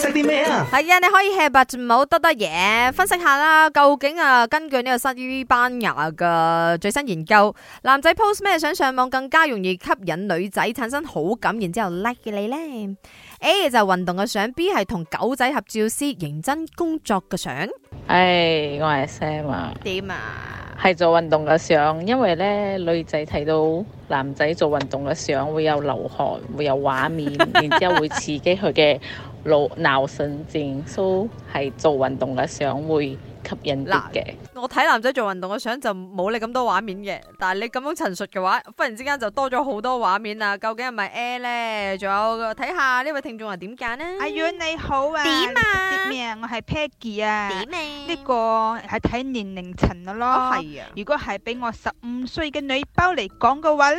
.食啲咩啊？係啊，你可以吃白，唔好多多嘢。分析下啦，究竟啊，根據呢個西班牙嘅最新研究，男仔 post 咩相上網更加容易吸引女仔產生好感，然之後 like 你咧？A 就運動嘅相，B 係同狗仔合照，C 認真工作嘅相。誒，我係 Sam 啊。點啊？係做運動嘅相，因為咧女仔睇到。男仔做運動嘅相會有流汗，會有畫面， 然之後會刺激佢嘅腦腦神經。都 係、so, 做運動嘅相會吸引啲嘅。我睇男仔做運動嘅相就冇你咁多畫面嘅，但係你咁樣陳述嘅話，忽然之間就多咗好多畫面啦。究竟係咪 A 咧？仲有睇下呢位聽眾係點揀呢？阿、哎、遠你好，啊，點啊？咩啊？我係 Peggy 啊。點咩、啊？呢、這個係睇年齡層嘅咯。係、哦、啊。如果係俾我十五歲嘅女包嚟講嘅話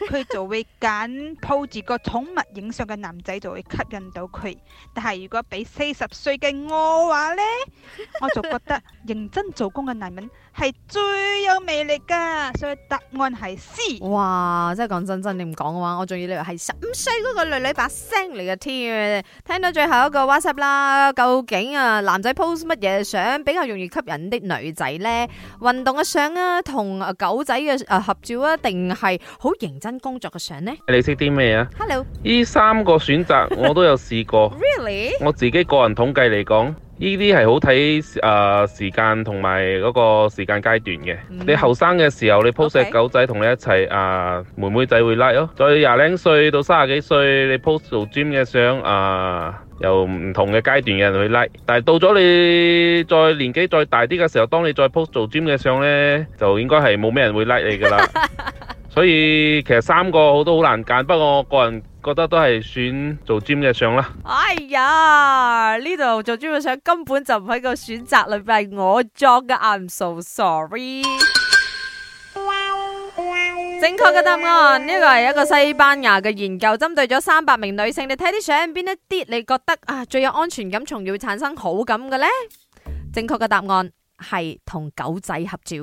佢 就會揀抱住個寵物影相嘅男仔就會吸引到佢，但係如果俾四十歲嘅我話咧，我就覺得認真做工嘅男人係最有魅力噶，所以答案係 C。哇，真係講真真，你唔講嘅話，我仲以為係十五歲個女女把聲嚟嘅添。聽到最後一個 WhatsApp 啦，究竟啊男仔 po 乜嘢相比較容易吸引啲女仔咧？運動嘅相啊，同狗仔嘅合照啊，定係好認真？新工作嘅相呢？你識啲咩啊？hello，呢三個選擇我都有試過。really？我自己個人統計嚟講，呢啲係好睇誒，時間同埋嗰個時間階段嘅。你後生嘅時候，你 post 狗仔同你一齊誒，妹妹仔會 like 咯。再廿零歲到三十幾歲，你 post 做 gym 嘅相誒，有唔同嘅階段嘅人會 like。但係到咗你再年紀再大啲嘅時候，當你再 post 做 gym 嘅相呢，就應該係冇咩人會 like 你噶啦。所以其實三個我都好難揀，不過我個人覺得都係選做 gym 嘅相啦。哎呀，呢度做 gym 嘅相根本就唔係個選擇裏邊，我作嘅，I'm so sorry。正確嘅答案呢個係一個西班牙嘅研究，針對咗三百名女性，你睇啲相邊一啲你覺得啊最有安全感，從而會產生好感嘅呢？正確嘅答案係同狗仔合照。